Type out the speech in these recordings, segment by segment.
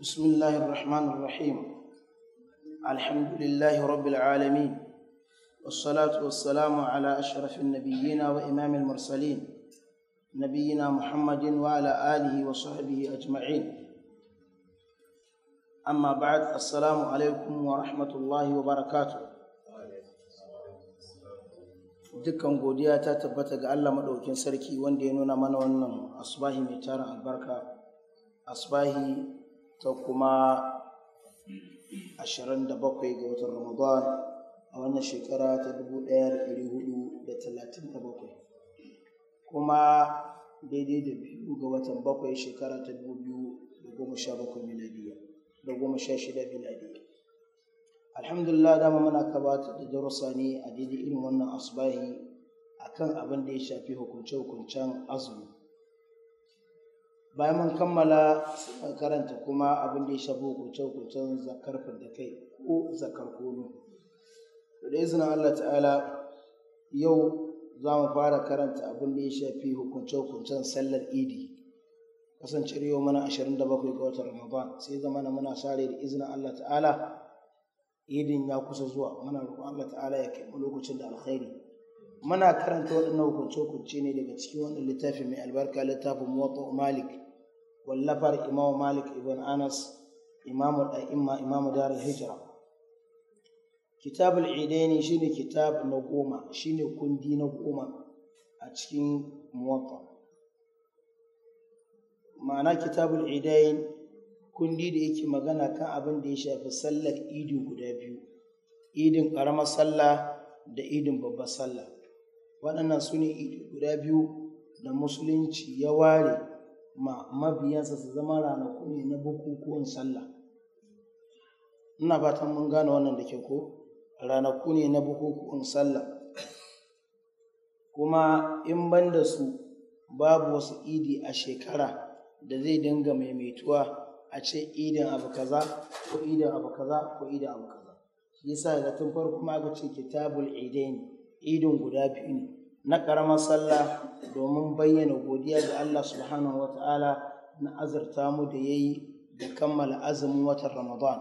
بسم الله الرحمن الرحيم الحمد لله رب العالمين والصلاة والسلام على أشرف النبيين وإمام المرسلين نبينا محمد وعلى آله وصحبه أجمعين أما بعد السلام عليكم ورحمة الله وبركاته dukkan godiya ta tabbata ga Allah maɗaukin sarki wanda ya nuna mana wannan asbahi mai tarin albarka asbahi ta kuma 27 ga watan ramadan a wannan shekara ta 1437 kuma daidai da biyu ga watan bakwai shekara ta 2017 miladiya da goma sha miladiya alhamdulillah dama muna gabatar da darussa ne a daidai irin wannan a akan abin da ya shafi hukunce-hukuncen azumi bayan mun kammala karanta kuma abin da ya shafi hukuce-hukucen zakar da kai ko zakar kono da izinin Allah ta'ala yau za mu fara karanta abin da ya shafi hukunce-hukuncen sallar idi Kasance yau mana 27 ga watan ramadan sai zama na muna sare da izinin Allah ta'ala idin ya kusa zuwa muna roƙon Allah ta'ala ya kai mu lokacin da alkhairi muna karanta waɗannan hukunce-hukunce ne daga cikin wannan littafi mai albarka littafin muwatta malik wallafar imamu malik ibn anas imamu da'imma imamu darul hijira kitabul idaini shine kitab na goma shine kundi na goma a cikin muwatta ma'ana kitabul idain kundi da yake magana kan abin da ya shafi sallar idi guda biyu idin ƙaramar salla, da idin babbar salla, waɗannan su ne idi guda biyu da musulunci ya ware mabiyansa su zama ranaku ne na bukukuwan sallah ina fatan mun gane wannan da ke ko ranaku ne na bukukuwan sallah kuma in ban da su babu wasu idi a shekara da zai dinga maimaituwa a ce idin abu kaza ko idin abu kaza ko idin abu kaza shi yasa da tun farko ma aka ce kitabul idain idin guda biyu ne na ƙaramar sallah domin bayyana godiya ga Allah subhanahu ta'ala na azurta mu da ya yi da kammala azumin watan Ramadan.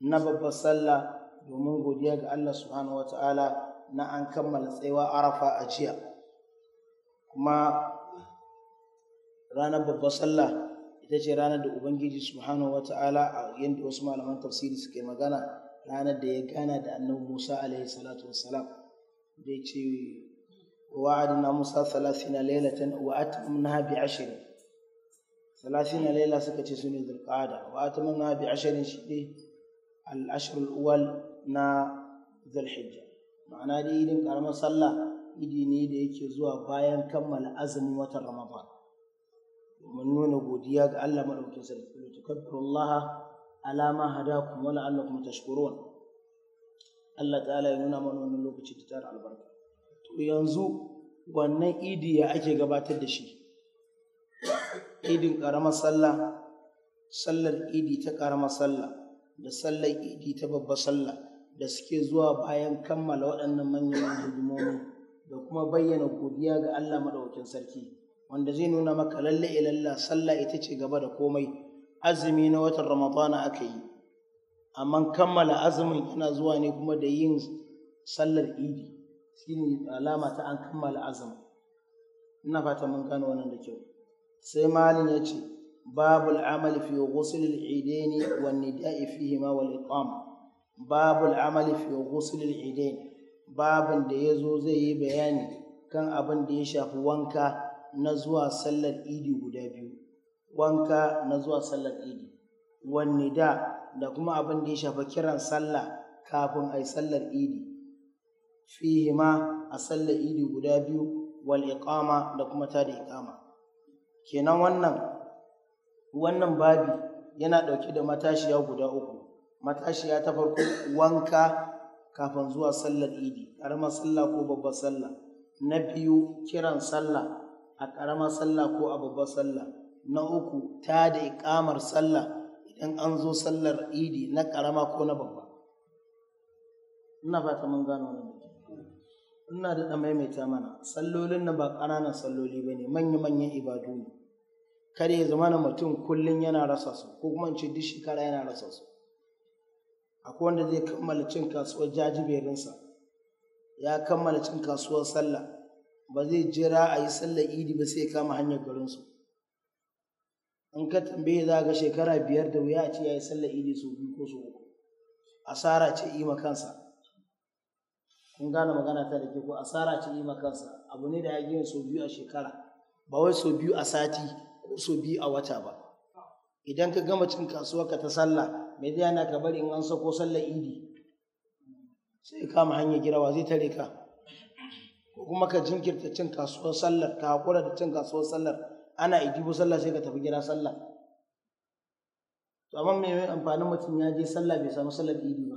Na babbar sallah domin godiya ga Allah subhanahu ta'ala na an kammala tsayawa arafa a jiya. Kuma ranar babbar sallah ita ce ranar da Ubangiji subhanahu ta'ala a yadda wasu malaman tafsiri suke magana ranar da ya gana da annabi Musa alaihi salatu wassalam. da ya ce wa'adna musa salasina lailatan wa atmamnaha bi ashrin salasina laila suka ce sune zulqa'ada wa atmamnaha bi ashrin shi ne al-ashr al-awwal na zulhijja ma'ana dai idin karamar sallah idi ne da yake zuwa bayan kammala azumin watan ramadan domin nuna godiya ga Allah madaukakin sarki to kabbirullaha alama ma hadakum wa la'allakum tashkurun Allah ta'ala ya nuna mana wannan lokaci ta tara albarka to yanzu wannan idi ya ake gabatar da shi idin karamar sallah sallar idi ta karamar sallah da sallar idi ta babba sallah da suke zuwa bayan kammala waɗannan manyan hidimomi da kuma bayyana godiya ga Allah maɗaukin sarki wanda zai nuna maka lalle ilalla sallah ita ce gaba da komai azumi na watan ramadana aka yi amma kammala azumin ina zuwa ne kuma da yin sallar idi shine alama ta an kammala azumin ina fata mun gano wannan da kyau sai malin ya ce babul amal fi ghusl al-idaini wa nida'i fihi ma wal iqam Babul amal fi ghusl al-idain babin da yazo zai yi bayani kan abin da ya shafi wanka na zuwa sallar idi guda biyu wanka na zuwa sallar idi wan nida da kuma abin da ya shafi kiran sallah kafin a yi sallar idi fihi ma a sallar idi guda biyu wal iqama da kuma ta da iqama kenan wannan wannan babi yana ɗauke da matashiya guda uku matashiya ta farko wanka kafin zuwa sallar idi ƙaramar sallah ko babbar sallah na biyu kiran sallah a ƙaramar sallah ko a babbar sallah na uku ta da iƙamar sallah in an zo sallar idi na karama ko na babba ina fata mun gano ne ina da maimaita mana sallolin na ba ƙananan salloli ba manya-manyan ibadu ne kada ya zama na mutum kullum yana rasa su ko kuma ce duk shekara yana rasa su akwai wanda zai kammala cin kasuwar jajiberinsa ya kammala cin kasuwar sallah ba zai jira a yi sallar idi ba sai ya kama hanyar garinsu in ka tambaye za ga shekara biyar da wuya a ce ya yi sallar idi sau biyu ko sau uku asara ce yi kansa kun gane magana ta da ke ko asara ce yi kansa abu ne da ya gina sau biyu a shekara ba wai sau biyu a sati ko sau biyu a wata ba idan ka gama cin kasuwar ka ta sallah mai zai yana ka bari in an sako sallar idi sai kama hanyar girawa zai tare ka ko kuma ka jinkirta cin kasuwar sallar ka haƙura da cin kasuwar sallar ana ijibu sallah sai ka tafi gida sallah to amma me mai amfanin mutum ya je sallah bai samu sallar idi ba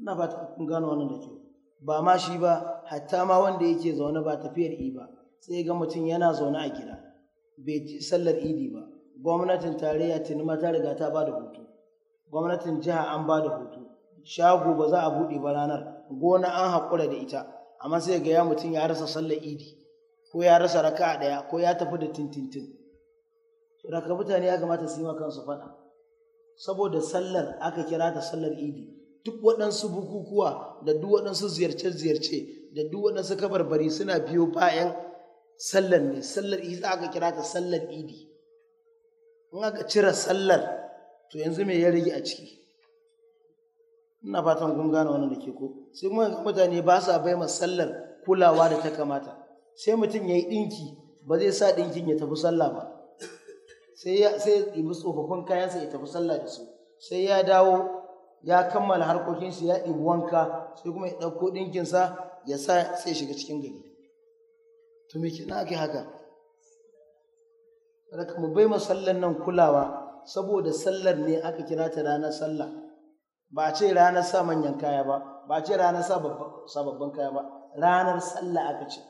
ina ta kun gano wannan da kyau ba ma shi ba hatta ma wanda yake zaune ba tafiyar idi ba sai ga mutum yana zaune a gida bai ji sallar idi ba gwamnatin tarayya tinima ma ta riga ta ba da hutu gwamnatin jiha an ba da hutu shago ba za a buɗe ba ranar gona an haƙura da ita amma sai ga ya mutum ya rasa sallar idi ko ya rasa raka ɗaya ko ya tafi da tintintin raka mutane ya kamata su yi kansu faɗa saboda sallar aka kira ta sallar idi duk waɗansu bukukuwa da duk waɗansu ziyarce-ziyarce da duk waɗansu kabarbari suna biyo bayan sallar ne sallar isa aka kira ta sallar idi in aka cire sallar to yanzu me ya rage a ciki ina fatan kun gane wannan da ke ko sai kuma mutane ba sa bai ma sallar kulawa da ta kamata sai mutum ya yi ɗinki ba zai sa ɗinkin ya tafi sallah ba sai ya ɗibi tsofaffin kayansa ya tafi sallah da su sai ya dawo ya kammala harkokinsa ya ɗibi wanka sai kuma ya ɗauko ɗinkinsa ya sa sai shiga cikin gari to me kina aka haka daga mu bai sallar nan kulawa saboda sallar ne aka kira ta ranar sallah ba a ce ranar sa manyan kaya ba ba a ce ranar sa babban kaya ba ranar sallah aka ce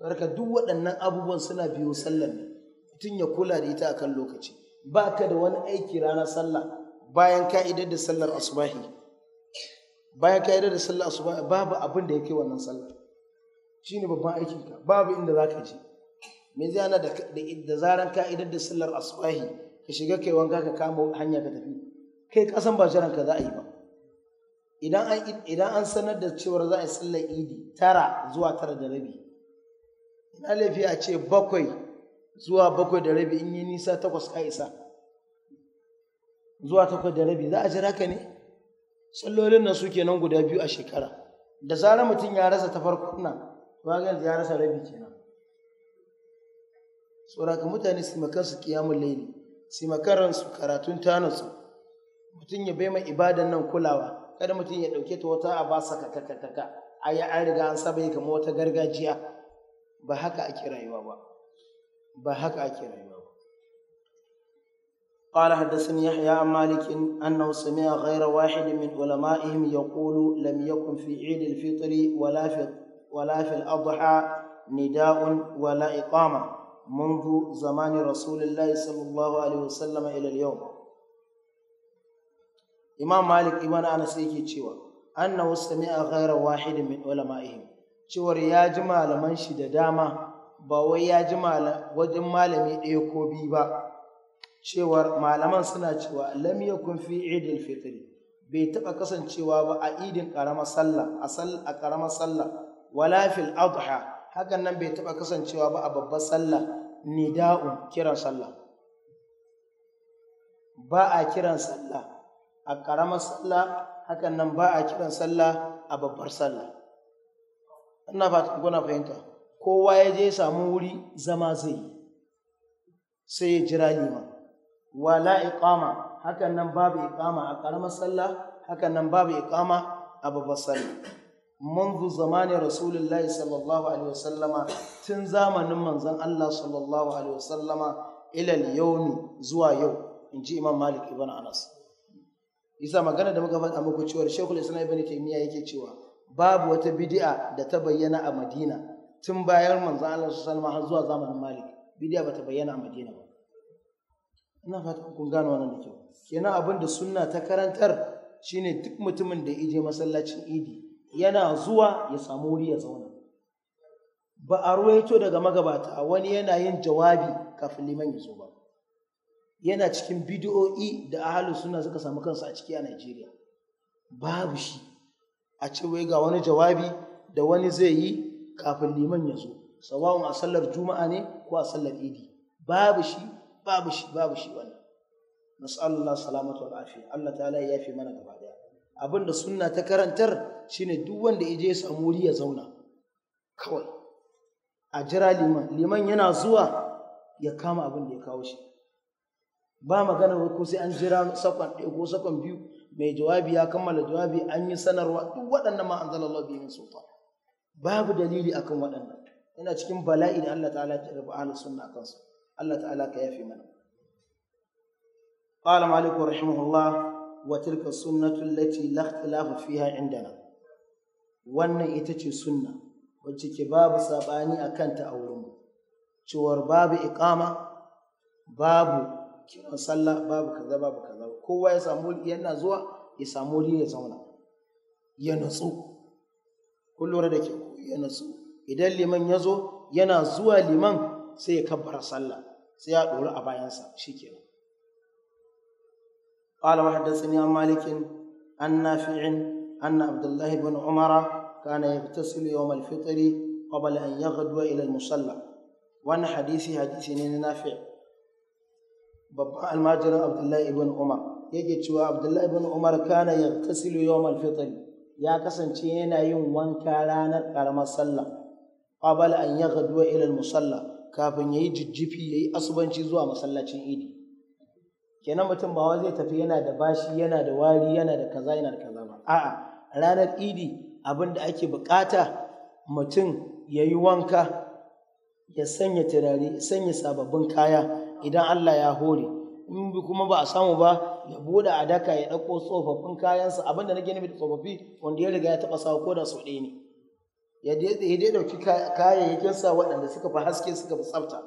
Barka duk waɗannan abubuwan suna biyo sallar ne, mutum ya kula da ita akan lokaci. Ba ka da wani aiki ranar sallah bayan ka'idar da sallar asubahi. Bayan ka'idar da sallar asubahi babu abin da ya kai wannan sallar. Shi ne babban ka. babu inda za ka je. Me zai ana da zaran ka'idar da sallar asubahi ka shiga kai wanka ka kama hanya ka tafi. Kai kasan ba jiran ka za a yi ba. Idan an sanar da cewar za a yi sallar idi tara zuwa tara da rabi. ina a ce bakwai zuwa bakwai da rabi in yi nisa takwas ka isa zuwa takwas da rabi za a jira ka ne Tsallolin nan suke nan guda biyu a shekara da zarar mutum ya rasa ta farkon nan wagan ya rasa rabi kenan ka mutane su makar su kiyamun laili su makar su karatun tanasu mutum ya bai ma ibadan nan kulawa kada mutum ya dauke ta wata a ba sa a yi an riga an saba yi kamar wata gargajiya ba haka ake rayuwa ba ba haka ake rayuwa ba قال حدثني يحيى عن مالك انه سمع غير واحد من علمائهم يقول لم يكن في عيد الفطر ولا في ولا في الاضحى نداء ولا اقامه منذ زمان رسول الله صلى الله عليه وسلم الى اليوم امام مالك ابن انس يكي cewa انه sami'a غير واحد من ulama'ihim cewar ya ji malaman shi da dama ba wai ya ji wajen malami ɗaya ko biyu ba cewar malaman suna cewa lam yakun fi idil fitri bai taɓa kasancewa ba a idin ƙaramar sallah a ƙaramar sallah wala fil adha hakan nan bai taɓa kasancewa ba a babbar sallah nida'un kiran sallah ba a kiran sallah a ƙaramar sallah hakan nan ba a kiran sallah a babbar sallah ina fatan fahimta kowa ya je samu wuri zama zai yi sai ya jira liman wala iqama hakan nan babu iqama a karamar sallah hakan nan babu iqama a babbar sallah منذ زمان رسول الله صلى الله عليه tun zamanin زمانن Allah sallallahu alaihi wasallam ila al zuwa yau inji Imam Malik ibn Anas isa magana da muka faɗa muku cewa Sheikhul Islam Ibn Taymiyyah yake cewa babu wata bidi'a da ta bayyana a Madina tun bayan manzon Allah sallallahu alaihi har zuwa zamanin Malik ba bata bayyana a Madina ba ina fata kun gano wannan da kyau kenan abin da sunna ta karantar shine duk mutumin da ya ije masallacin idi yana zuwa ya samu wuri ya zauna ba a ruwaito daga magabata wani yana yin jawabi kafin liman ya zo ba yana cikin bidiyo'i da ahalus suna suka samu kansu a ciki a Najeriya babu shi a ce wai ga wani jawabi da wani zai yi kafin liman ya zo sawa'un a sallar juma'a ne ko a sallar idi babu shi babu shi babu shi wannan nas'alullah salamatu wal afiya Allah ta'ala ya fi mana gaba daya abinda sunna ta karantar shine duk wanda je ya samu wuri ya zauna kawai a jira liman liman yana zuwa ya kama abin da ya kawo shi ba magana ko sai an jira sakon ɗaya ko sakon biyu mai jawabi ya kammala jawabi an yi sanarwa duk waɗannan ma anzalallahu bihi min sultan babu dalili akan waɗannan yana cikin bala'i da Allah ta'ala ya rabu ahlus sunna akan su Allah ta'ala ka yafe mana qala malik rahimahullah wa tilka sunnatu allati la ikhtilafa fiha indana wannan ita ce sunna wacce ke babu sabani akan ta a wurin cewar babu iqama babu kiran sallah babu kaza babu kaza kowa ya samu yana zuwa ya samu wuri ya zauna ya natsu kun lura da ke ya natsu idan liman ya zo yana zuwa liman sai ya kabbara sallah sai ya ɗori a bayansa shi kenan قال وحدثني عن مالك عن نافع أن عبد الله بن عمر كان يغتسل يوم الفطر قبل أن يغدو إلى المصلى وأن حديثي حديث نافع بابا الماجر عبد الله بن عمر yake cewa abdullahi ibn umar kana yaghtasilu yawmal fitr ya kasance yana yin wanka ranar karamar sallah qabala an yaghdu ila al musalla kafin yayi jijjifi yayi asubanci zuwa masallacin idi kenan mutum ba zai tafi yana da bashi yana da wari yana da kaza yana da kaza ba a'a ranar idi abin da ake bukata mutum ya yi wanka ya sanya turare sanya sababbin kaya idan allah ya hore in kuma ba a samu ba ya bude a daka ya ɗauko tsofaffin kayansa abinda na nufi da tsofaffi wanda ya riga ya taɓa sawa ko da sau ɗaya ne ya dai ɗauki sa waɗanda suka fi haske suka fi tsafta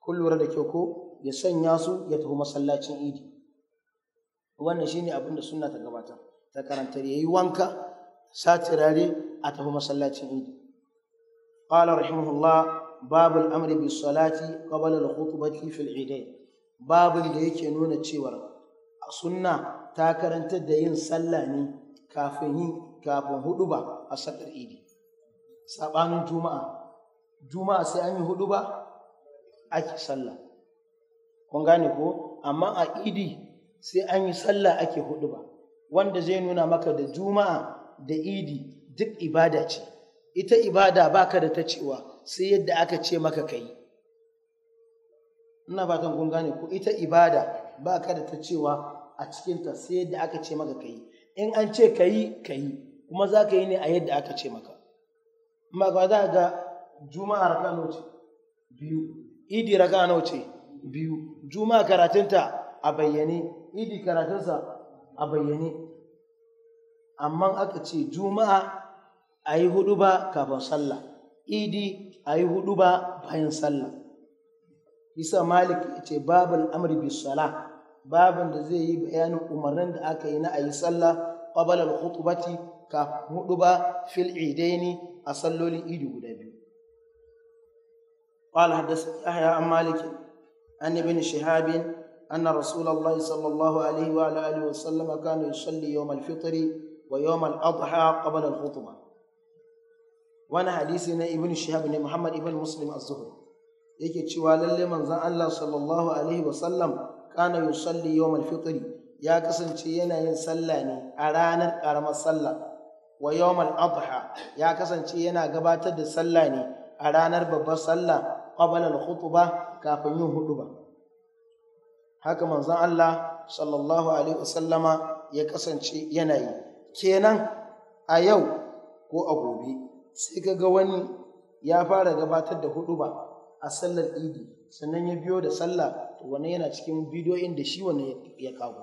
kun lura da kyau ko ya sanya su ya tafi masallacin idi wannan shine abin da sunna ta gabatar ta ya yi wanka sa turare a tafi masallacin idi qala rahimahullah babul الامر بالصلاه salati الخطبه في khutbati باب babul da yake nuna cewa sunna ta karantar da yin sallah ne kafin yin kafin huduba a sakar idi sabanin juma'a juma'a sai an yi huduba ake sallah kun gane ko amma a idi sai an yi sallah ake huduba wanda zai nuna maka da juma'a da idi duk ibada ce ita ibada baka da ta cewa sai yadda aka ce maka ka yi ina fatan kun gane ko ita ibada baka da ta cewa a cikinta sai yadda aka ce maka ka yi in an ce ka yi ka yi kuma za ka yi ne a yadda aka ce maka amma ba za ga juma'a raka nawa ce biyu idi raka nawa ce biyu juma'a karatunta a bayyane idi karatunsa a bayyane amma aka ce juma'a a yi hudu ba kafin sallah idi a yi hudu ba bayan sallah isa malik ce babin amri bis sala babin da zai yi bayanin umarnin da aka yi na a yi sallah qabala al ka hudu ba fil idaini a sallolin idi guda biyu قال حدث يحيى عن مالك عن ابن شهاب أن رسول الله صلى الله عليه وعلى آله وسلم كان يصلي يوم الفطر ويوم الأضحى قبل الخطبة wani hadisi na ibn shihab ne muhammad ibn muslim az-zuhri yake cewa lalle manzon Allah sallallahu alaihi wa sallam kana yusalli yawmal al ya kasance yana yin sallah ne a ranar karamar sallah wa yawmal al-adha ya kasance yana gabatar da sallah ne a ranar babbar sallah qabla al-khutbah kafin yin huduba haka manzon Allah sallallahu alaihi wa sallama ya kasance yana yi kenan a yau ko a gobe sai ka ga wani ya fara gabatar da hudu ba a sallar idi sannan ya biyo da sallah to wani yana cikin bidiyoyin da shi wani ya kago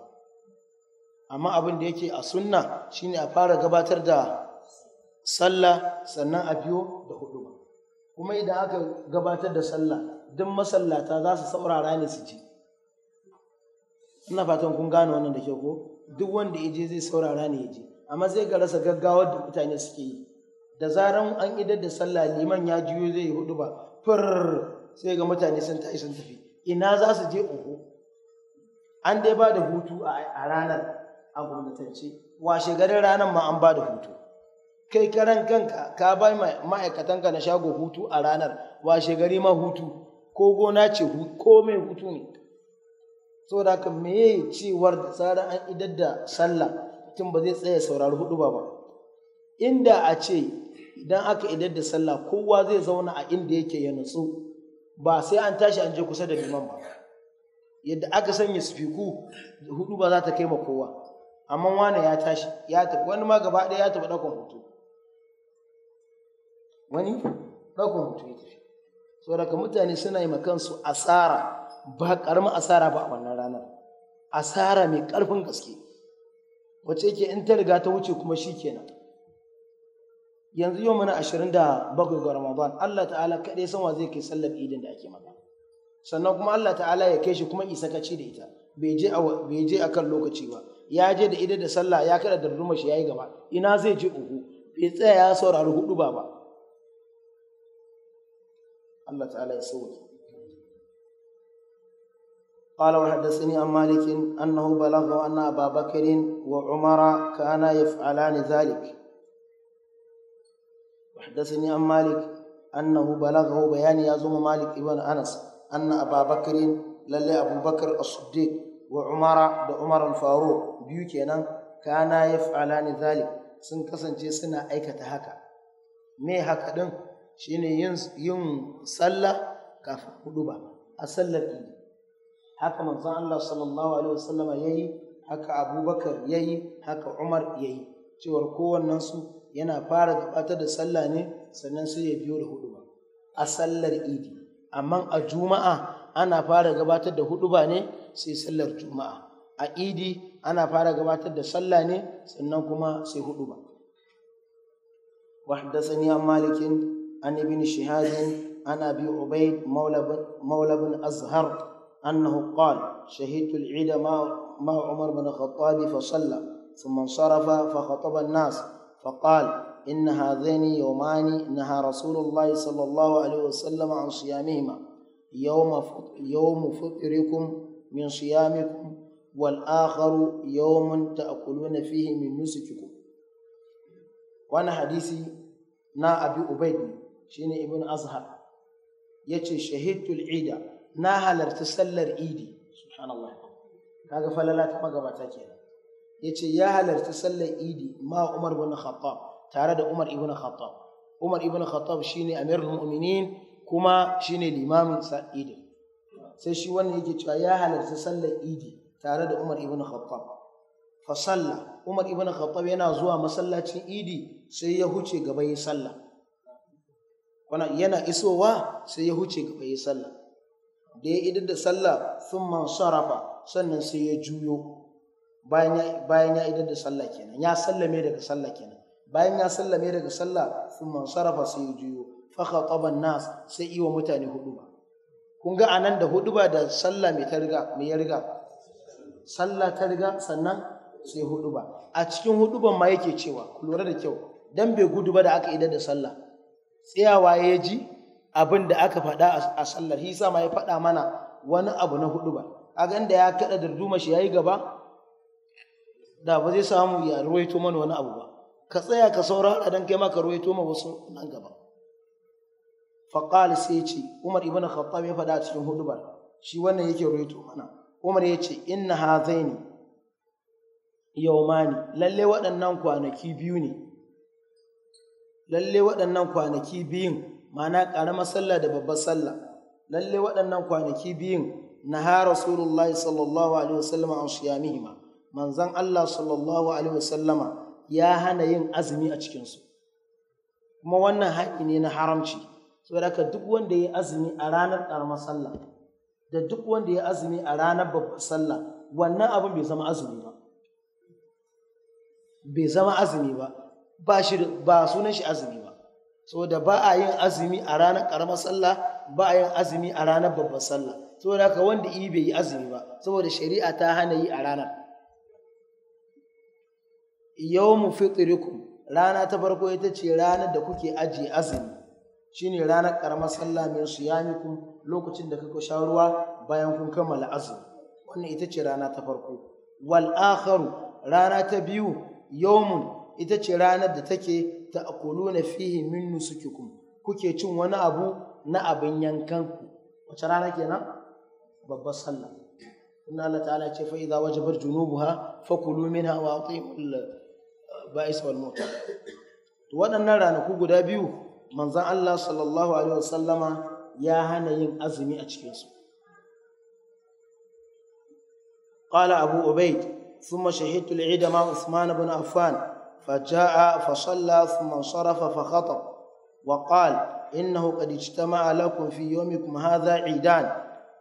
amma abin da yake a sunna shine a fara gabatar da sallah sannan a biyo da hudu ba kuma idan aka gabatar da sallah duk masallata za su saurara ne su ji ina fatan kun gane wannan da ke ko duk wanda ya je zai saurara ne ya je amma zai ga rasa gaggawar da mutane suke yi da zaran an idar da sallah liman ya juyo zai yi hudu ba fir sai ga mutane sun tashi sun tafi ina za su je uku? an dai ba da hutu a ranar a gwamnatance Wa garin ranar ma an ba da hutu kai karan kanka ka ba ma'aikatanka na shago hutu a ranar Wa gari ma hutu ko gona ce ko mai hutu ne da ka meye cewar da tsarin an idar da sallah tun ba zai tsaya saurari hudu ba ba inda a ce idan aka idar da sallah kowa zai zauna a inda yake ya nutsu ba sai an tashi an je kusa da liman ba yadda aka sanya sufiku hudu ba za ta kai ma kowa amma wani ya tashi ya tafi wani ma gaba ɗaya ya tafi ɗaukan hutu wani ɗaukan hutu ya tafi saboda mutane suna yi kansu asara ba ƙaramin asara ba a wannan ranar asara mai ƙarfin gaske wacce yake in ta riga ta wuce kuma shi kenan yanzu yau mana ashirin da ga Ramadan Allah ta'ala kaɗai sama zai kai sallar idin da ake magana sannan kuma Allah ta'ala ya kai shi kuma isa kaci da ita bai je a kan lokaci ba ya je da ida da sallah ya kada da rumar shi yi gaba ina zai je uku bai tsaya ya saurari hudu ba ba Allah ta'ala ya sauke قال وحدثني عن مالك أنه بلغ أن أبا بكر وعمر كانا يفعلان ذلك حدثني عن مالك أنه بلغه بيان يزوم مالك ابن أنس أن أبا بكر للي أبو بكر الصديق وعمر وعمر الفاروق بيوكينا كانا يفعلان ذلك sun kasance suna aikata haka me haka ɗin shine yin yin sallah kafin hudu ba a sallar idi haka manzon Allah sallallahu alaihi ya yayi haka Abubakar yayi haka Umar yayi cewar kowannen su yana fara gabatar da sallah ne sannan sai ya biyo da huduba a sallar idi amma a juma'a ana fara gabatar da huduba ne sai sallar juma'a a idi ana fara gabatar da sallah ne sannan kuma sai huduba وحدثني عن مالك عن ana شهاب عن ابي عبيد مولى بن مولى بن ازهر انه قال شهدت العيد مع مع fa بن ثم انصرف فخطب الناس فقال إن هذين يومان نهى رسول الله صلى الله عليه وسلم عن صيامهما يوم يوم فطركم من صيامكم والآخر يوم تأكلون فيه من نسككم وأنا حديثي نا أبي أبيد شيني ابن أزهر يتي شهدت العيد نا هل تسلر إيدي سبحان الله كاغا فلا لا تبقى باتاكينا yace ya halarci sallar idi ma Umar ibn Khattab tare da Umar ibn Khattab Umar ibn Khattab shine amirul mu'minin kuma shine limamin idi sai shi wannan yake cewa ya halarci sallar idi tare da Umar ibn Khattab fa salla Umar ibn Khattab yana zuwa masallacin idi sai ya huce gaba yi sallah wana yana isowa sai ya huce gaba yi sallah da ya idar da sallah sun man sarrafa sannan sai ya juyo bayan ya idar da sallah kenan ya sallame daga sallah kenan bayan ya sallame daga sallah thumma sarafa sai juyo faka khataba nas sai iwa mutane huduba kun ga anan da huduba da sallah mai ta riga mai ya riga sallah ta riga sannan sai huduba a cikin huduban ma yake cewa ku lura da kyau dan bai gudu ba da aka idar da sallah tsayawa ya ji abin da aka faɗa a sallar hisa ma ya faɗa mana wani abu na huduba a inda ya kada darduma shi yi gaba da ba zai samu ya ruwaito mana wani abu ba ka tsaya ka saurara dan kai maka ka ruwaito ma wasu nan gaba faqal sai ce Umar ibn Khattab ya fada cikin hudubar shi wannan yake ruwaito mana Umar ya ce inna hazaini yaumani lalle waɗannan kwanaki biyu ne lalle waɗannan kwanaki biyun ma'ana ƙaramar sallah da babbar sallah lalle waɗannan kwanaki biyun na ha rasulullahi sallallahu alaihi wasallam an ma. manzan Allah sallallahu alaihi wasallama ya hana yin azumi a cikinsu kuma wannan haƙi ne na haramci saboda haka duk wanda ya azumi a ranar ƙaramar sallah da duk wanda ya azumi a ranar babbar sallah wannan abin bai zama azumi ba bai zama azumi ba ba shi ba sunan shi azumi ba saboda ba a yin azumi a ranar ƙaramar sallah ba a yin azumi a ranar babbar sallah saboda haka wanda yi bai yi azumi ba saboda shari'a ta hana yi a ranar yawmu fitrikum rana ta farko ita ce ranar da kuke ajiye azumi shine ranar karamar sallah min siyamikum lokacin da kuka sha ruwa bayan kun kammala azumi wannan ita ce rana ta farko wal rana ta biyu yawmun ita ce ranar da take ta'kuluna fihi min nusukikum kuke cin wani abu na abin yankanku wace rana kenan babbar sallah inna Allah ta'ala ce fa idza wajabat junubuha fakulu minha wa atimu ba'is wal to waɗannan ranaku guda biyu manzon Allah sallallahu alaihi wasallama ya hana yin azumi a cikinsu. ƙala qala abu ubaid thumma shahidtu al ma usman ibn affan فجاء فصلى ثم انصرف فخطب وقال إنه قد اجتمع لكم في يومكم هذا عيدان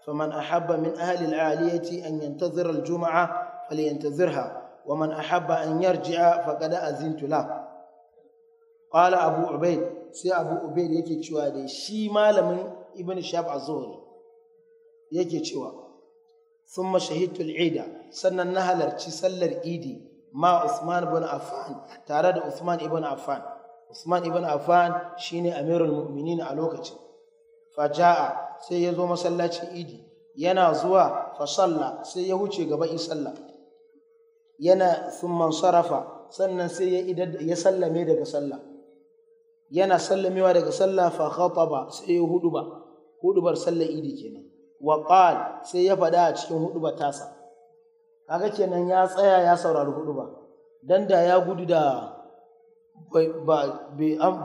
فمن أحب من أهل العالية أن ينتظر الجمعة فلينتظرها ومن أحب أن يرجع فقد أذنت له قال أبو عبيد سي أبو عبيد يكي تشوى دي شي مالم ابن شاب الزهري يكي تشوى ثم شهدت العيد سنة النهلر تسلر إيدي مع عثمان بن عفان تارد عثمان ابن عفان عثمان ابن عفان شيني أمير المؤمنين على وقت فجاء سي يزو مسلاتي إيدي yana zuwa fasalla sai ya huce gaba in sallah yana sun sarafa sannan sai ya sallame daga sallah yana sallamewa daga sallah fa khataba sai ya huduba hudubar sallar idi kenan wa qal sai ya fada a cikin huduba tasa kaga kenan ya tsaya ya saurari huduba dan da ya gudu da ba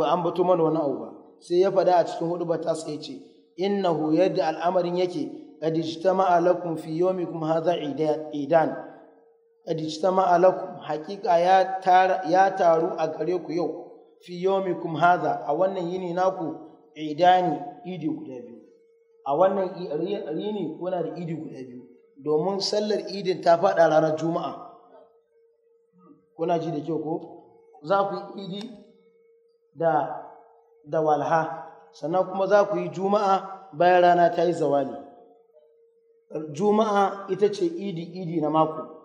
an bato mana wani abu ba sai ya fada a cikin huduba tasa ya ce innahu yadda al'amarin yake qad ijtama'a lakum fi yawmikum hadha idan ajitama alakum hakika ya ya taru a gare ku yau fi yawmikum hadha a wannan yini naku idani idi guda biyu a wannan yini kuna da idi guda biyu domin sallar idin ta fada ranar juma'a kuna ji da kyau ko za ku yi idi da da walha sannan kuma za ku yi juma'a bayan rana ta yi zawali juma'a ita ce idi idi na mako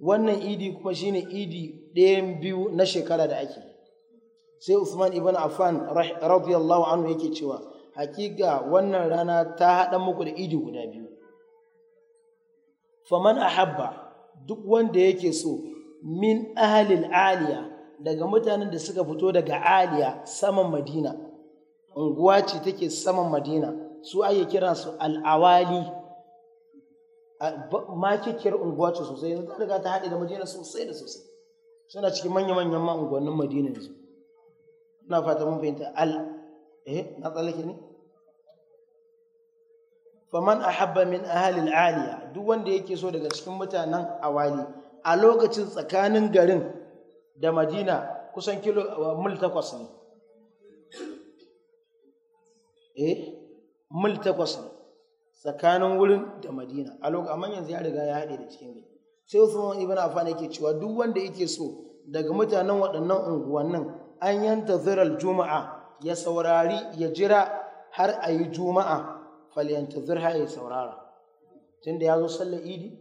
wannan idi kuma shine idi ɗayan biyu na shekara da ake sai usman ibn affan radiyallahu anhu yake cewa hakika wannan rana ta haɗa muku da idi guda biyu faman ahabba duk wanda yake so min ahalil aliya daga mutanen da suka fito daga aliya saman madina unguwa ce take saman madina su ake kiransu al'awali makikiyar unguwa ce sosai yanzu ta riga ta haɗe da madina sosai da sosai suna cikin manya-manyan ma unguwannin madina yanzu ina fata mun fahimta al eh na tsallake ne faman ahabba min ahalil aliya duk wanda yake so daga cikin mutanen awali a lokacin tsakanin garin da madina kusan kilo mil takwas ne eh mil takwas ne tsakanin wurin da madina a lokacin amma yanzu ya riga ya haɗe da cikin gari sai usman ibn affan yake cewa duk wanda yake so daga mutanen waɗannan unguwannin an yanta zirar juma'a ya saurari ya jira har a yi juma'a falyanta zirha ya saurara tunda ya zo sallar idi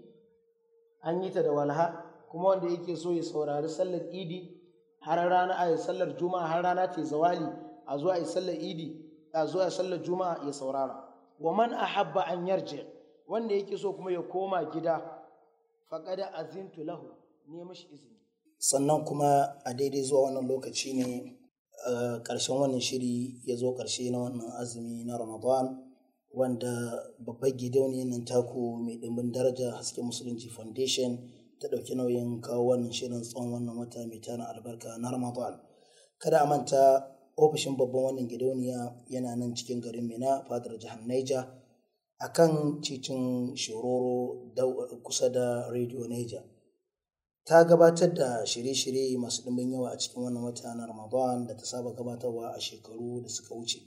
an yi ta da walha kuma wanda yake so ya saurari sallar idi har rana a yi sallar juma'a har rana ce zawali a zuwa a yi sallar idi a zuwa a sallar juma'a ya saurara wa man ahabba an yarje wanda yake so kuma ya koma gida faqada azintu lahu ne mashi izini sannan kuma a daidai zuwa wannan lokaci ne karshen wannan shiri ya zo karshe na wannan azumi na ramadan wanda babban gidauniyar nan taku mai ɗimbin daraja haske musulunci foundation ta ɗauki nauyin kawo wannan shirin tsawon wannan wata mai tana albarka na ramadan kada a manta ofishin babban wannan gidauniya yana nan cikin garin mina fadar jihar neja a kan cicin shiroro kusa da radio niger ta gabatar da shirye-shirye masu ɗimbin yawa a cikin wannan wata na ramadan da ta saba gabatarwa a shekaru da suka wuce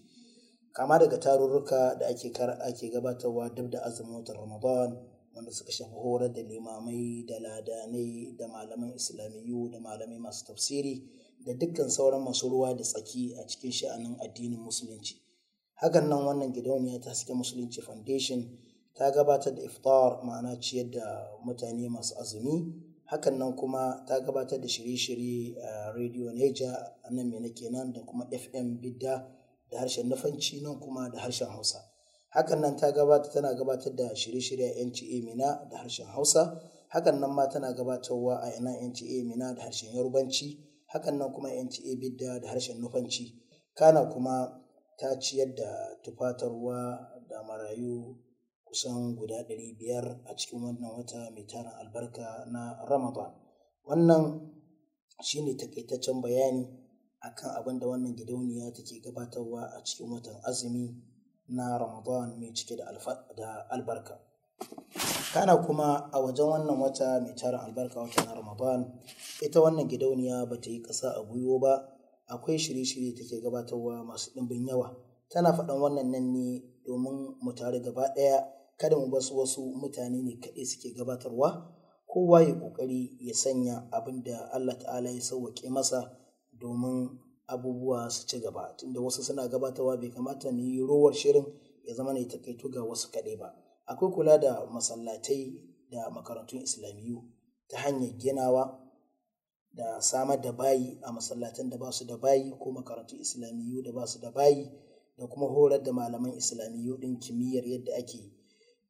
kama daga tarurruka da ake ake gabatarwa duk da azumin watan ramadan wanda suka shafi horar da limamai da ladanai da malaman islamiyyu da malamai masu tafsiri da dukkan sauran masu ruwa da tsaki a cikin sha'anin addinin musulunci hakan nan wannan gidauniya ta haske musulunci foundation ta gabatar da iftar ma'ana ciyar da mutane masu azumi hakan nan kuma ta gabatar da shirye-shirye a radio neja a nan mai nake nan da kuma fm bidda da harshen nufanci nan kuma da harshen hausa hakan nan ta gabata tana gabatar da shirye-shirye a mina da harshen hausa hakan nan ma tana gabatarwa a nan nta mina da harshen yorubanci hakan nan kuma yanci ebidda da harshen nufanci kana kuma ta ciyar da tufatarwa da marayu kusan guda 500 a cikin wannan wata mai tarin albarka na ramadan wannan shine takaitaccen bayani akan abin da wannan gidauniya take gabatarwa a cikin watan azumi na ramadan mai cike da albarka kana kuma a wajen wannan wata mai tara albarka wata na ramadan ita wannan gidauniya ba ta yi ƙasa a gwiwo ba akwai shirye-shirye ta ke gabatarwa masu ɗimbin yawa tana faɗan wannan nan ne domin mu tare gaba ɗaya kada mu basu wasu mutane ne kaɗai suke gabatarwa kowa ya ƙoƙari ya sanya abin da allah ta'ala ya sauwaƙe masa domin abubuwa su ci gaba tunda wasu suna gabatarwa bai kamata mu yi rowar shirin ya zama ne takaito ga wasu kaɗai ba akwai kula da masallatai da makarantun islamiyu ta hanyar ginawa da samar da bayi a masallatan da ba su da bayi ko makarantun islamiyu da ba su da bayi da kuma horar da malaman islamiyu din kimiyyar yadda ake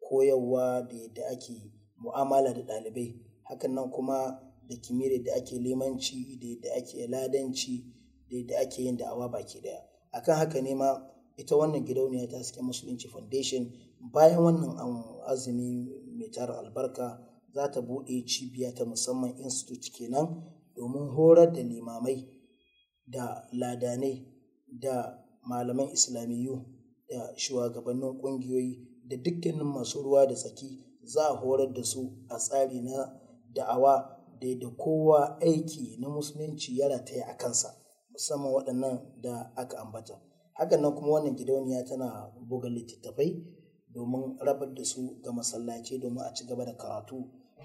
koyarwa da yadda ake mu'amala da ɗalibai hakan nan kuma da kimiyyar yadda ake limanci da yadda ake ladanci da yadda ake yin da'awa baki daya akan haka ne ma ita wannan gidauniya ta hasken musulunci foundation bayan wannan um, azumi mai tara albarka za ta buɗe cibiya ta musamman institute kenan domin horar da limamai da ladanai da malaman islamiyu da shugabannin ƙungiyoyi da dukkanin masu ruwa da tsaki za a horar da su a tsari na da'awa da da kowa aiki na musulunci ya rataya a kansa musamman waɗannan da aka ambata hakan nan kuma wannan gidauniya tana buga littattafai domin rabar da su ga masallaci domin a ci gaba da karatu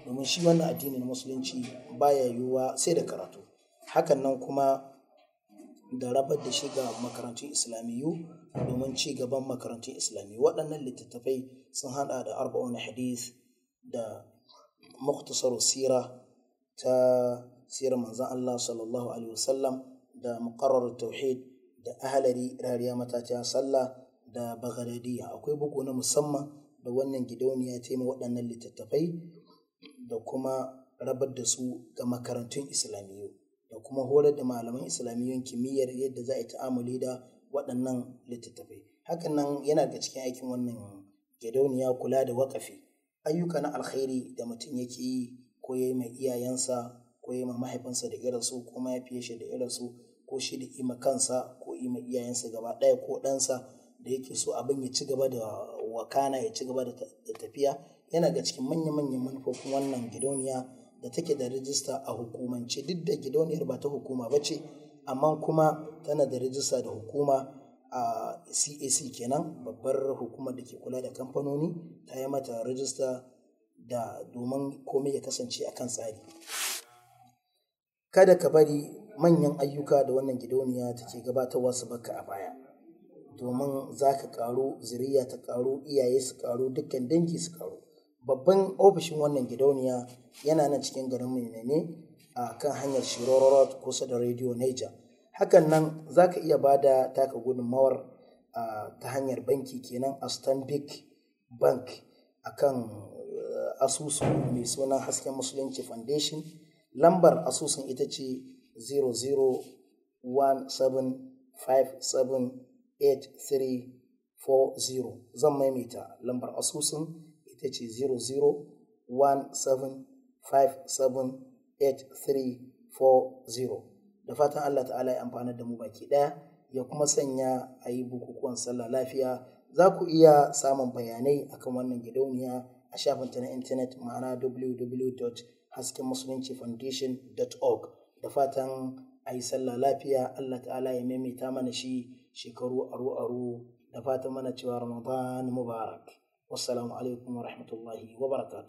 domin shi wannan addinin musulunci baya yiwuwa sai da karatu hakan nan kuma da rabar da shi ga makarantun islamiyu domin ci gaban makarantun islamiyu waɗannan littattafai sun hada da arba'un hadith da muktasar sira ta sirar manzan Allah sallallahu alaihi wasallam da muqarrar tauhid da ahalari rariya mataciya sallah da Baghdadiya akwai bugu na musamman da wannan gidauniya ta yi waɗannan littattafai da kuma rabar da su ga makarantun islamiyyu da kuma horar da malaman islamiyyun kimiyyar yadda za a yi ta'amuli da waɗannan littattafai hakan nan yana da cikin aikin wannan gidauniya kula da wakafi ayyuka na alkhairi da mutum yake yi ko ya yi mai iyayensa ko ya yi ma mahaifinsa da irinsu ko mahaifiyarsa da irinsu ko shi da ima kansa ko ima iyayensa gaba ɗaya ko ɗansa da yake so abin ya ci gaba da wakana ya ci gaba da tafiya yana ga cikin manya-manyan manufofin wannan gidauniya da take da rijista a hukumance duk da gidauniyar ba ta hukuma ba ce amma kuma tana da rijista da hukuma a cac kenan babbar hukumar da ke kula da kamfanoni ta yi mata rijista da domin komai ya kasance a kan tsari kada ka bari manyan ayyuka da wannan gidauniya take gabatarwa su baka a baya domin za ka ƙaru zuriya ta ƙaru iyaye su ƙaru dukkan dangi su karu babban ofishin wannan gidauniya yana nan cikin garin mai ne a kan hanyar shiroro kusa da radio niger hakan nan za ka iya ba da taka gudunmawar ta hanyar banki kenan a stanbic bank a kan eh, asusu mai suna hasken musulunci foundation lambar asusun ita ce 00175 8340 zan maimaita lambar asusun ita ce 0017578340 da fatan Allah ta'ala ya amfana da mu baki ɗaya ya kuma sanya a yi bukukuwan sallah lafiya za ku iya samun bayanai akan wannan gidauniya a shafinta na intanet ma'ana www.haskenmusulunci foundation.org da fatan a yi sallah lafiya Allah ta'ala ya maimaita mana shi shekaru aru-aru da fatan mana cewa Ramadan Mubarak. Wassalamu alaikum wa rahmatullahi wa barakatuh.